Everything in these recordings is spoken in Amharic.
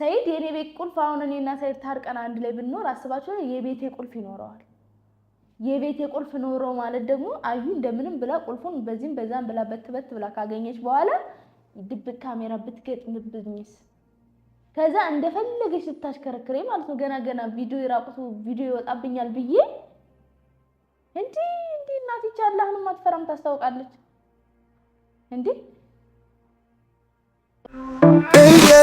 ሰይድ የኔ ቤት ቁልፍ አሁን እኔና ሰይድ ታርቀን አንድ ላይ ብንኖር አስባቸው የቤቴ ቁልፍ ይኖረዋል። የቤቴ ቁልፍ ኖሮ ማለት ደግሞ አዩ እንደምንም ብላ ቁልፉን በዚህም በዛም ብላ በትበት ብላ ካገኘች በኋላ ድብቅ ካሜራ ብትገጥምብኝስ? ከዛ እንደፈለገች ስታሽከረክሬ ማለት ነው ገና ገና ቪዲዮ የራቁቱ ቪዲዮ ይወጣብኛል ብዬ እንዲህ እንዲህ እናትቻ አላህንም አትፈራም ታስታውቃለች እንዲህ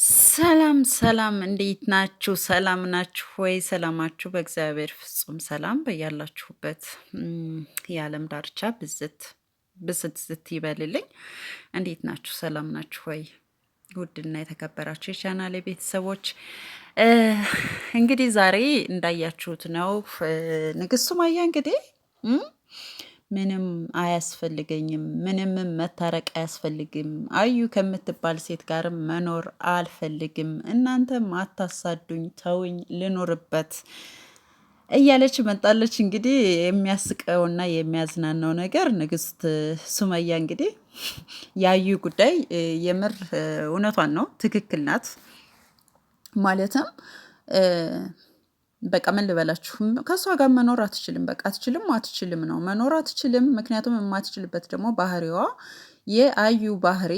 ሰላም ሰላም፣ እንዴት ናችሁ? ሰላም ናችሁ ወይ? ሰላማችሁ በእግዚአብሔር ፍጹም ሰላም በያላችሁበት የዓለም ዳርቻ ብዝት ብስት ዝት ይበልልኝ። እንዴት ናችሁ? ሰላም ናችሁ ወይ? ውድና የተከበራችሁ የቻናሌ ቤተሰቦች እንግዲህ ዛሬ እንዳያችሁት ነው ንግስት ሱመያ እንግዲህ ምንም አያስፈልገኝም፣ ምንምም መታረቅ አያስፈልግም፣ አዩ ከምትባል ሴት ጋርም መኖር አልፈልግም፣ እናንተም አታሳዱኝ፣ ተውኝ ልኖርበት እያለች መጣለች። እንግዲህ የሚያስቀውና የሚያዝናናው ነገር ንግስት ሱመያ እንግዲህ ያዩ ጉዳይ የምር እውነቷን ነው፣ ትክክል ናት ማለትም በቃ ምን ልበላችሁ፣ ከእሷ ጋር መኖር አትችልም። በቃ አትችልም አትችልም ነው መኖር አትችልም። ምክንያቱም የማትችልበት ደግሞ ባህሪዋ የአዩ ባህሪ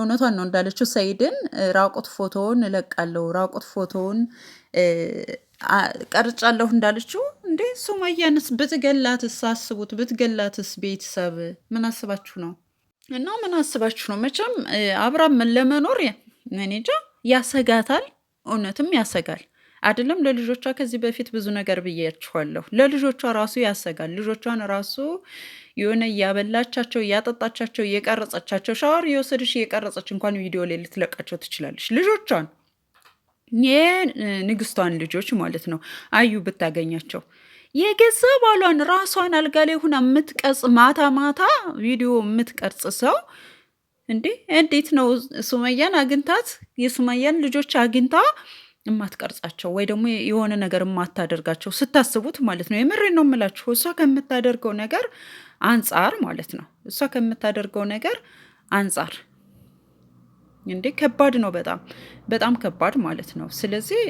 እውነቷን ነው እንዳለችው ሰይድን ራቁት ፎቶውን እለቃለሁ ራቁት ፎቶውን ቀርጫለሁ እንዳለችው እንዴ ሱመያንስ ብትገላትስ? አስቡት፣ ብትገላትስ? ቤተሰብ ምን አስባችሁ ነው? እና ምን አስባችሁ ነው? መቼም አብራም ለመኖር እኔ እንጃ ያሰጋታል፣ እውነትም ያሰጋል። አይደለም ለልጆቿ ከዚህ በፊት ብዙ ነገር ብያችኋለሁ። ለልጆቿ ራሱ ያሰጋል። ልጆቿን ራሱ የሆነ እያበላቻቸው፣ እያጠጣቻቸው፣ እየቀረጸቻቸው ሻወር የወሰደች እየቀረጸች እንኳን ቪዲዮ ላይ ልትለቃቸው ትችላለች። ልጆቿን የንግስቷን ልጆች ማለት ነው። አዩ ብታገኛቸው የገዛ ባሏን ራሷን አልጋ ላይ ሁና የምትቀርጽ ማታ ማታ ቪዲዮ የምትቀርጽ ሰው እንዴ እንዴት ነው ሱመያን አግኝታት የሱመያን ልጆች አግኝታ የማትቀርጻቸው ወይ ደግሞ የሆነ ነገር የማታደርጋቸው ስታስቡት ማለት ነው። የምሬ ነው የምላችሁ እሷ ከምታደርገው ነገር አንጻር ማለት ነው። እሷ ከምታደርገው ነገር አንጻር እንዴ ከባድ ነው። በጣም በጣም ከባድ ማለት ነው። ስለዚህ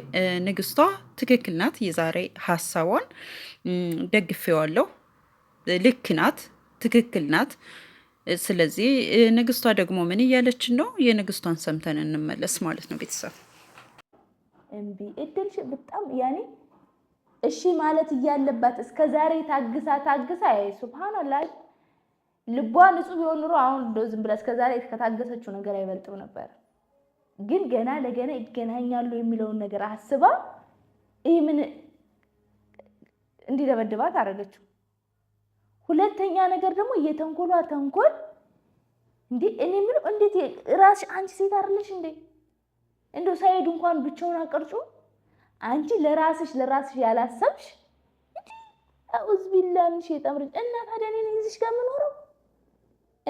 ንግስቷ ትክክል ናት። የዛሬ ሀሳቧን ደግፌዋለሁ። ልክ ናት፣ ትክክል ናት። ስለዚህ ንግስቷ ደግሞ ምን እያለችን ነው? የንግስቷን ሰምተን እንመለስ ማለት ነው ቤተሰብ እምቢ እድልሽ በጣም ያኔ እሺ ማለት እያለባት እስከ ዛሬ ታግሳ ታግሳ ሱብሃንአላህ ልቧ ንጹህ ቢሆን ኑሮ አሁን እንደው ዝም ብላ እስከ ዛሬ ከታገሰችው ነገር አይበልጥም ነበር። ግን ገና ለገና ይገናኛሉ የሚለውን ነገር አስባ ይህ ምን እንዲደበድባት አደረገችው። ሁለተኛ ነገር ደግሞ የተንኮሏ ተንኮል እንዴ እኔ ምን እንዴት ራስሽ አንቺ ሴት አይደለሽ እንዴ እንደው ሳይሄድ እንኳን ብቻውን አቀርጩ አንቺ ለራስሽ ለራስሽ ያላሰብሽ አውዝ ቢላ ምን ሸይጣን እና ታዲያ እኔ እዚህ ጋር የምኖረው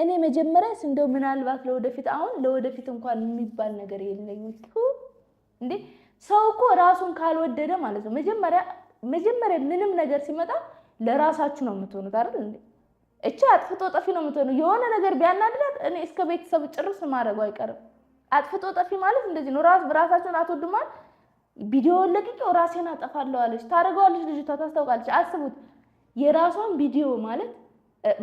እኔ መጀመሪያስ እንደው ምናልባት ለወደፊት አሁን ለወደፊት እንኳን የሚባል ነገር የለኝም። እንዴ ሰው እኮ ራሱን ካልወደደ ማለት ነው መጀመሪያ መጀመሪያ ምንም ነገር ሲመጣ ለራሳችሁ ነው የምትሆኑት አይደል እንዴ? እቺ አጥፍቶ ጠፊ ነው የምትሆኑ የሆነ ነገር ቢያናድዳት እኔ እስከ ቤተሰብ ጭርስ ማድረጉ አይቀርም። አጥፍቶ ጠፊ ማለት እንደዚህ ነው። ራስ በራሳቸውን አትወድማል። ቪዲዮ ለቅቄው ራሴን አጠፋለሁ አለች። ታደርገዋለች፣ ልጅቷ ታስታውቃለች። አስቡት የራሷን ቪዲዮ ማለት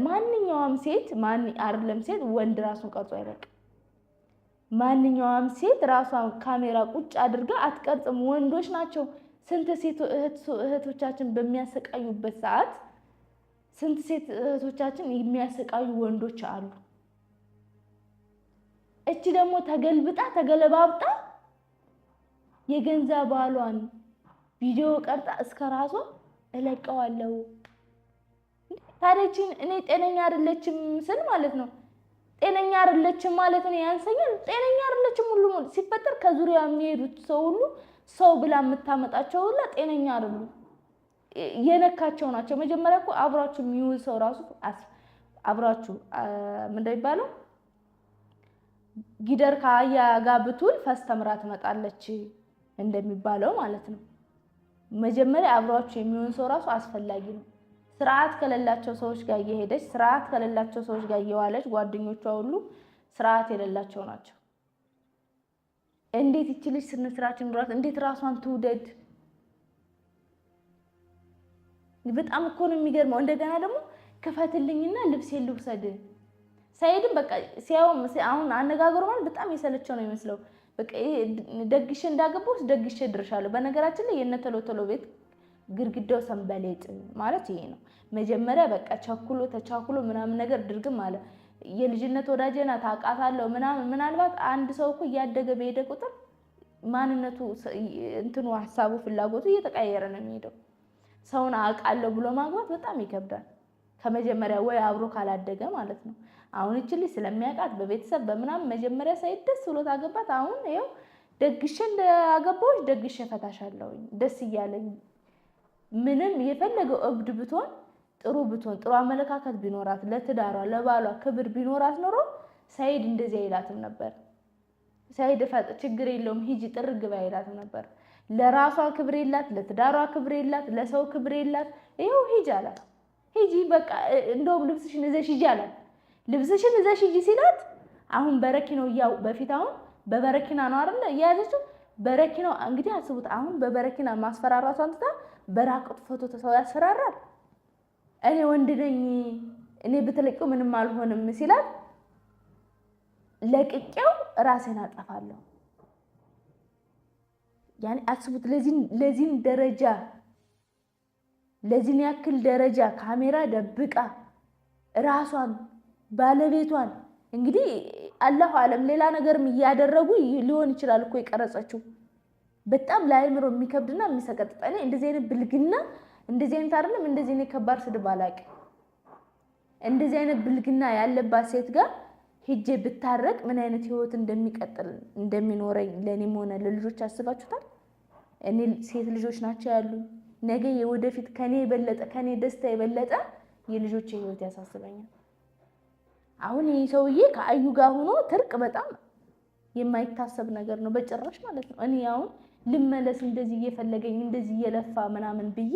ማንኛውም ሴት ማን አይደለም ሴት ወንድ ራሱን ቀርጾ አይበቅም። ማንኛውም ሴት ራሷን ካሜራ ቁጭ አድርጋ አትቀርጽም። ወንዶች ናቸው ስንት ሴት እህቶቻችን በሚያሰቃዩበት ሰዓት ስንት ሴት እህቶቻችን የሚያሰቃዩ ወንዶች አሉ። እቺ ደግሞ ተገልብጣ ተገለባብጣ የገንዘብ ባሏን ቪዲዮ ቀርጣ እስከ ራሷ እለቀዋለሁ። ታዲያችን እኔ ጤነኛ አይደለችም ስል ማለት ነው። ጤነኛ አይደለችም ማለት ነው ያንሰኛል። ጤነኛ አይደለችም ሁሉ ሲፈጠር ከዙሪያ የሚሄዱት ሰው ሁሉ ሰው ብላ የምታመጣቸው ሁላ ጤነኛ አይደሉ፣ የነካቸው ናቸው። መጀመሪያ እኮ አብራችሁ የሚውል ሰው ራሱ አብራችሁ ምንድን ነው ጊደር ከአያ ጋር ብትውል ፈስተምራ ትመጣለች እንደሚባለው ማለት ነው። መጀመሪያ አብሯቸው የሚሆን ሰው ራሱ አስፈላጊ ነው። ስርዓት ከሌላቸው ሰዎች ጋር እየሄደች ስርዓት ከሌላቸው ሰዎች ጋር እየዋለች ጓደኞቿ ሁሉ ስርዓት የሌላቸው ናቸው። እንዴት ይቺ ልጅ ስነ ስርዓት ይኑራት? እንዴት ራሷን ትውደድ? በጣም እኮ ነው የሚገርመው። እንደገና ደግሞ ክፈትልኝና ልብሴን ልውሰድ ሳይሄድም በቃ ሲያውም አሁን አነጋገሩ ማለት በጣም የሰለቸው ነው የሚመስለው። በቃ ደግሼ እንዳገባሁ ደግሼ ድርሻለሁ። በነገራችን ላይ የእነ ቶሎ ቶሎ ቤት ግድግዳው ሰንበሌጥ ማለት ይሄ ነው። መጀመሪያ በቃ ቸኩሎ ተቻኩሎ ምናምን ነገር ድርግም አለ። የልጅነት ወዳጄ ናት አውቃታለሁ ምናምን። ምናልባት አንድ ሰው እኮ እያደገ በሄደ ቁጥር ማንነቱ እንትኑ ሀሳቡ፣ ፍላጎቱ እየተቀያየረ ነው የሚሄደው። ሰውን አውቃለሁ ብሎ ማግባት በጣም ይከብዳል። ከመጀመሪያ ወይ አብሮ ካላደገ ማለት ነው። አሁን ይችል ስለሚያውቃት በቤተሰብ በምናምን መጀመሪያ ሳይት ደስ ብሎት አገባት። አሁን ይኸው ደግሼ እንዳገባዎች ደግሼ ፈታሻለሁኝ ደስ እያለኝ ምንም የፈለገው እብድ ብትሆን ጥሩ ብትሆን ጥሩ አመለካከት ቢኖራት ለትዳሯ ለባሏ ክብር ቢኖራት ኖሮ ሳይድ እንደዚህ አይላትም ነበር። ሳይድ ችግር የለውም ሂጂ ጥርግ በይ አይላትም ነበር። ለራሷ ክብር የላት፣ ለትዳሯ ክብር የላት፣ ለሰው ክብር የላት። ይኸው ሂጂ አላት። ሂጂ በቃ እንደውም ልብስሽን ይዘሽ ሂጂ አላት። ልብስሽን ይዘሽ ሂጂ ሲላት አሁን በረኪናው ያው በፊት አሁን በበረኪና ነው አይደለ እየያዘችው በረኪናው እንግዲህ አስቡት። አሁን በበረኪና ማስፈራራቷ አንስታ በራቁት ፎቶ ተሰው ያስፈራራል። እኔ ወንድ ነኝ እኔ ብትለቂው ምንም አልሆንም ሲላት ለቅቄው ራሴን አጠፋለሁ። ያኔ አስቡት ለዚህን ደረጃ ለዚህን ያክል ደረጃ ካሜራ ደብቃ ራሷን ባለቤቷን እንግዲህ አላሁ አለም ሌላ ነገርም እያደረጉ ሊሆን ይችላል እኮ የቀረጸችው። በጣም ለአይምሮ የሚከብድና የሚሰቀጥጥ እኔ እንደዚህ አይነት ብልግና እንደዚህ አይነት አይደለም እንደዚህ እኔ ከባድ ስድብ አላውቅም። እንደዚህ አይነት ብልግና ያለባት ሴት ጋር ሂጄ ብታረቅ ምን አይነት ህይወት እንደሚቀጥል እንደሚኖረኝ ለእኔም ሆነ ለልጆች አስባችሁታል? እኔ ሴት ልጆች ናቸው ያሉ ነገ የወደፊት ከኔ የበለጠ ከኔ ደስታ የበለጠ የልጆች ህይወት ያሳስበኛል። አሁን ይህ ሰውዬ ከአዩ ጋር ሆኖ ትርቅ በጣም የማይታሰብ ነገር ነው፣ በጭራሽ ማለት ነው። እኔ አሁን ልመለስ እንደዚህ እየፈለገኝ እንደዚህ እየለፋ ምናምን ብዬ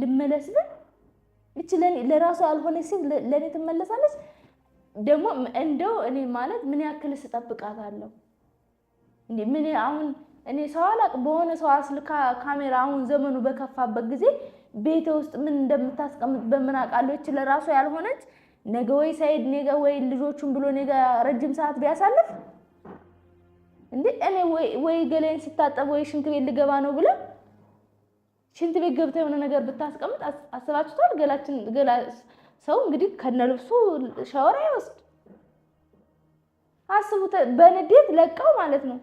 ልመለስ ብል እች ለራሱ ያልሆነ ሴት ለእኔ ትመለሳለች። ደግሞ እንደው እኔ ማለት ምን ያክል ስጠብቃታለሁ እንዴ? ምን አሁን እኔ ሰው አላቅ በሆነ ሰው አስልካ ካሜራ አሁን ዘመኑ በከፋበት ጊዜ ቤተ ውስጥ ምን እንደምታስቀምጥ በምን አውቃለሁ? እች ለራሱ ያልሆነች ነገ ወይ ሳይድ ነገ ወይ ልጆቹን ብሎ ነገ ረጅም ሰዓት ቢያሳልፍ እንዴ እኔ ወይ ገላይን ስታጠብ ወይ ሽንት ቤት ልገባ ነው ብለ ሽንት ቤት ገብታ የሆነ ነገር ብታስቀምጥ አስባችሁታል? ገላችን ገላ ሰው እንግዲህ ከነ ልብሱ ሻወር አይወስድ። አስቡት፣ በንዴት ለቀው ማለት ነው።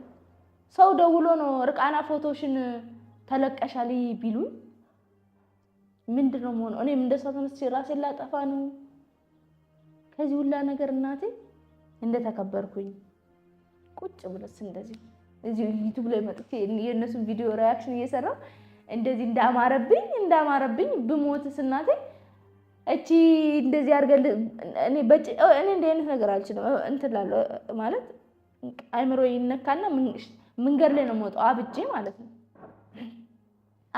ሰው ደውሎ ነው እርቃና ፎቶሽን ተለቀሻል ቢሉኝ ምንድን ነው መሆነው? እኔም ሰው ተነስቼ ራሴን ላጠፋ ነው ከዚህ ሁላ ነገር እናቴ እንደተከበርኩኝ ቁጭ ብሎስ እንደዚህ እዚህ ዩቱብ ላይ መጥቼ የእነሱን ቪዲዮ ሪያክሽን እየሰራው እንደዚህ እንዳማረብኝ እንዳማረብኝ ብሞትስ እናቴ እቺ እንደዚህ አድርገን እኔ እንደ አይነት ነገር አልችልም። እንትን እላለሁ ማለት አይምሮ ይነካና መንገድ ላይ ነው የምወጣው አብጄ ማለት ነው።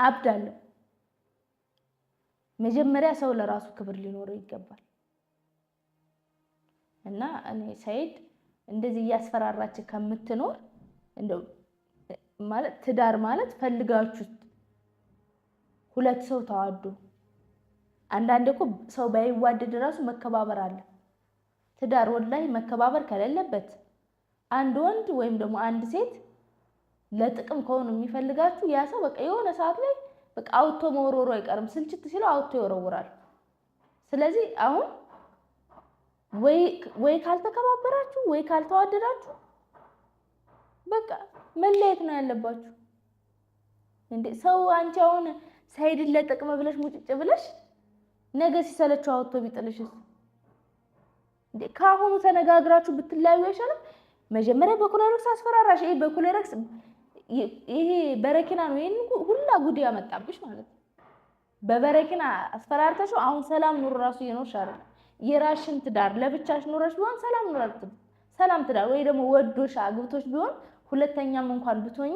አብዳለሁ። መጀመሪያ ሰው ለራሱ ክብር ሊኖረው ይገባል። እና እኔ ሰይድ እንደዚህ እያስፈራራች ከምትኖር ማለት ትዳር ማለት ፈልጋችሁት ሁለት ሰው ተዋዱ። አንዳንድ እኮ ሰው ባይዋደድ እራሱ መከባበር አለ። ትዳር ወላሂ መከባበር ከሌለበት አንድ ወንድ ወይም ደግሞ አንድ ሴት ለጥቅም ከሆኑ የሚፈልጋችሁ ያ ሰው በቃ የሆነ ሰዓት ላይ በቃ አውቶ መወርወሩ አይቀርም። ስልችት ሲለው አውቶ ይወረውራል። ስለዚህ አሁን ወይ ካልተከባበራችሁ ወይ ካልተዋደዳችሁ በቃ መለየት ነው ያለባችሁ። እንዴ ሰው አንቺ አሁን ሳይድን ለጥቅም ብለሽ ሙጭጭ ብለሽ ነገ ሲሰለችው አወጥቶ ቢጥልሽስ? እንዴ ከአሁኑ ተነጋግራችሁ ብትለያዩ አይሻልም? መጀመሪያ በኮሌረክስ አስፈራራሽ። ይሄ በኮሌረክስ ይሄ በረኪና ነው ይሄን ሁላ ጉድ ያመጣብሽ ማለት ነው። በበረኪና አስፈራርተሽው አሁን ሰላም ኑሮ ራሱ እየኖርሽ አይደል የራሽን ትዳር ለብቻሽ ኑረሽ ቢሆን ሰላም ኑረሽ ሰላም ትዳር ወይ ደግሞ ወዶሽ አግብቶች ቢሆን ሁለተኛም እንኳን ብትሆኚ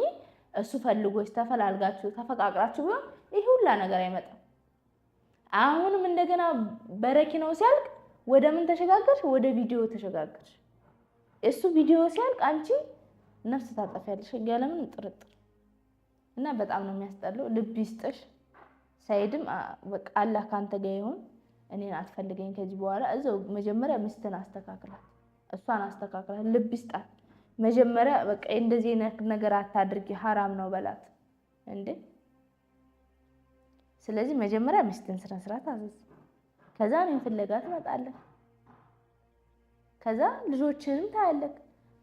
እሱ ፈልጎች ተፈላልጋችሁ ተፈቃቅራችሁ ቢሆን ይህ ሁላ ነገር አይመጣም። አሁንም እንደገና በረኪናው ሲያልቅ ወደ ምን ተሸጋገርሽ? ወደ ቪዲዮ ተሸጋገርሽ። እሱ ቪዲዮ ሲያልቅ አንቺ ነፍስ ታጠፊያለሽ፣ ያለምንም ጥርጥር እና በጣም ነው የሚያስጠላው። ልብ ይስጥሽ። ሳይድም በቃ አላህ ካንተ ጋር ይሁን። እኔን አትፈልገኝ ከዚህ በኋላ እዛው መጀመሪያ ሚስትን አስተካክላት፣ እሷን አስተካክላት፣ ልብ ይስጣት። መጀመሪያ በቃ እንደዚህ ነገር አታድርጊ ሀራም ነው በላት እንዴ። ስለዚህ መጀመሪያ ሚስትን ስነ ስርዓት አዘዝ። ከዛ እኔን ፍለጋ ትመጣለህ። ከዛ ልጆችንም ታያለህ።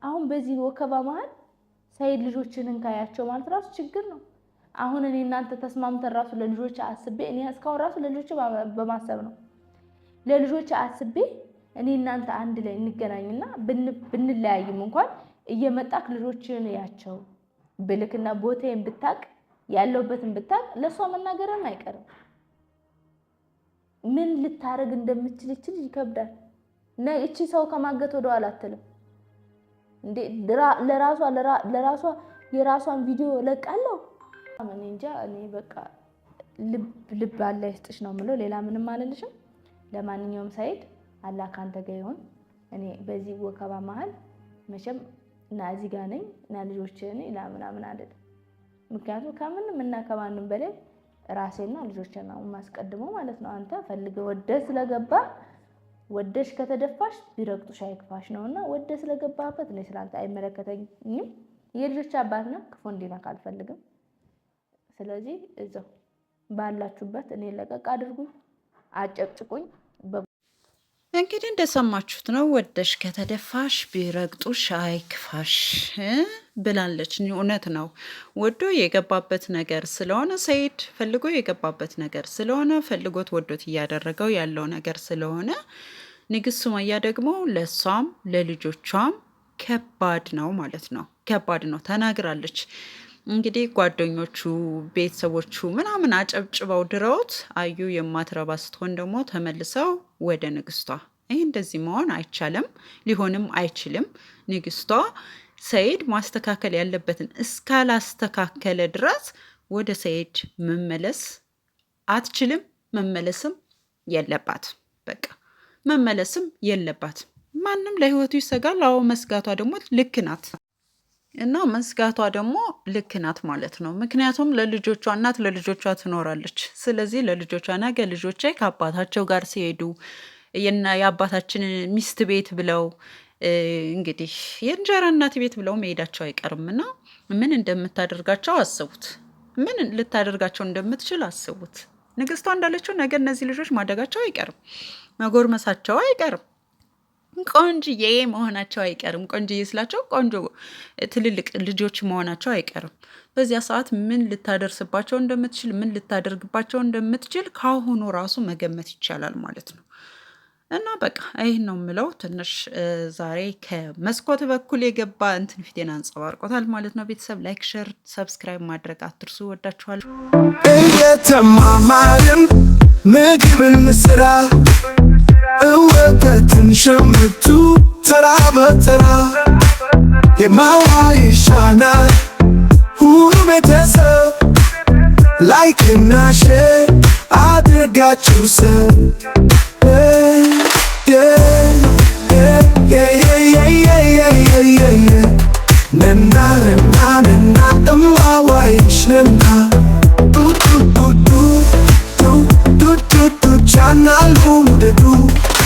አሁን በዚህ ወከባ መሀል ሰይድ ልጆችንን ካያቸው ማለት ራሱ ችግር ነው። አሁን እኔ እናንተ ተስማምተን ራሱ ለልጆች አስቤ እኔ እስካሁን ራሱ ለልጆች በማሰብ ነው ለልጆች አስቤ እኔ እናንተ አንድ ላይ እንገናኝና ብንለያይም እንኳን እየመጣክ ልጆችን ያቸው ብልክና ቦታዬን ብታቅ ያለውበትን ብታቅ ለእሷ መናገርም አይቀርም። ምን ልታረግ እንደምችል ይችል ይከብዳል። እቺ ሰው ከማገት ኋላ አትልም እንዴ ለራሷ ለራሷ የራሷን ቪዲዮ ለቃለሁ። እኔ እንጃ እኔ በቃ ልብ ልብ አለ ይስጥሽ ነው ምለው ሌላ ምንም አልልሽም። ለማንኛውም ሳይድ አላህ ካንተ ጋር ይሁን። እኔ በዚህ ወከባ መሀል መቼም እና እዚህ ጋር ነኝ እና ልጆችን ና ምናምን ምክንያቱም ከምንም እና ከማንም በላይ ራሴና ልጆችን ነው የማስቀድመው ማለት ነው። አንተ ፈልገ ወደ ስለገባ ወደሽ ከተደፋሽ ቢረግጡሽ አይክፋሽ ነው እና ወደ ስለገባበት እኔ ስላንተ አይመለከተኝም። የልጆች አባት ነው፣ ክፉ እንዲነካ አልፈልግም። ስለዚህ እዛው ባላችሁበት እኔ ለቀቅ አድርጉኝ፣ አጨቅጭቁኝ። እንግዲህ እንደሰማችሁት ነው። ወደሽ ከተደፋሽ ቢረግጡሽ አይክፋሽ ብላለች። እውነት ነው። ወዶ የገባበት ነገር ስለሆነ ሰይድ ፈልጎ የገባበት ነገር ስለሆነ ፈልጎት ወዶት እያደረገው ያለው ነገር ስለሆነ ንግስት ሱመያ ደግሞ ለእሷም ለልጆቿም ከባድ ነው ማለት ነው። ከባድ ነው ተናግራለች። እንግዲህ ጓደኞቹ ቤተሰቦቹ ምናምን አጨብጭበው ድረውት አዩ የማትረባ ስትሆን ደግሞ ተመልሰው ወደ ንግስቷ። ይህ እንደዚህ መሆን አይቻልም፣ ሊሆንም አይችልም። ንግስቷ ሰይድ ማስተካከል ያለበትን እስካላስተካከለ ድረስ ወደ ሰይድ መመለስ አትችልም፣ መመለስም የለባት። በቃ መመለስም የለባት። ማንም ለህይወቱ ይሰጋል። አዎ መስጋቷ ደግሞ ልክ ናት። እና መስጋቷ ደግሞ ልክ ናት ማለት ነው። ምክንያቱም ለልጆቿ እናት ለልጆቿ ትኖራለች። ስለዚህ ለልጆቿ ነገ ልጆቼ ከአባታቸው ጋር ሲሄዱ የአባታችን ሚስት ቤት ብለው እንግዲህ የእንጀራ እናት ቤት ብለው መሄዳቸው አይቀርም እና ምን እንደምታደርጋቸው አስቡት። ምን ልታደርጋቸው እንደምትችል አስቡት። ንግስቷ እንዳለችው ነገ እነዚህ ልጆች ማደጋቸው አይቀርም፣ መጎርመሳቸው አይቀርም። ቆንጅዬ መሆናቸው አይቀርም። ቆንጅዬ ስላቸው ቆንጆ ትልልቅ ልጆች መሆናቸው አይቀርም። በዚያ ሰዓት ምን ልታደርስባቸው እንደምትችል ምን ልታደርግባቸው እንደምትችል ካሁኑ ራሱ መገመት ይቻላል ማለት ነው። እና በቃ ይህን ነው የምለው። ትንሽ ዛሬ ከመስኮት በኩል የገባ እንትን ፊቴን አንጸባርቆታል ማለት ነው። ቤተሰብ ላይክ፣ ሸር፣ ሰብስክራይብ ማድረግ አትርሱ። ወዳችኋል። እየተማማርን ምግብን ስራ እውቀትን ሸምቱ ተራ በተራ የማዋ ይሻናል ሁሉ ቤተሰብ ላይክ እና ሼር አድርጋችሁ ሰብ canal home de du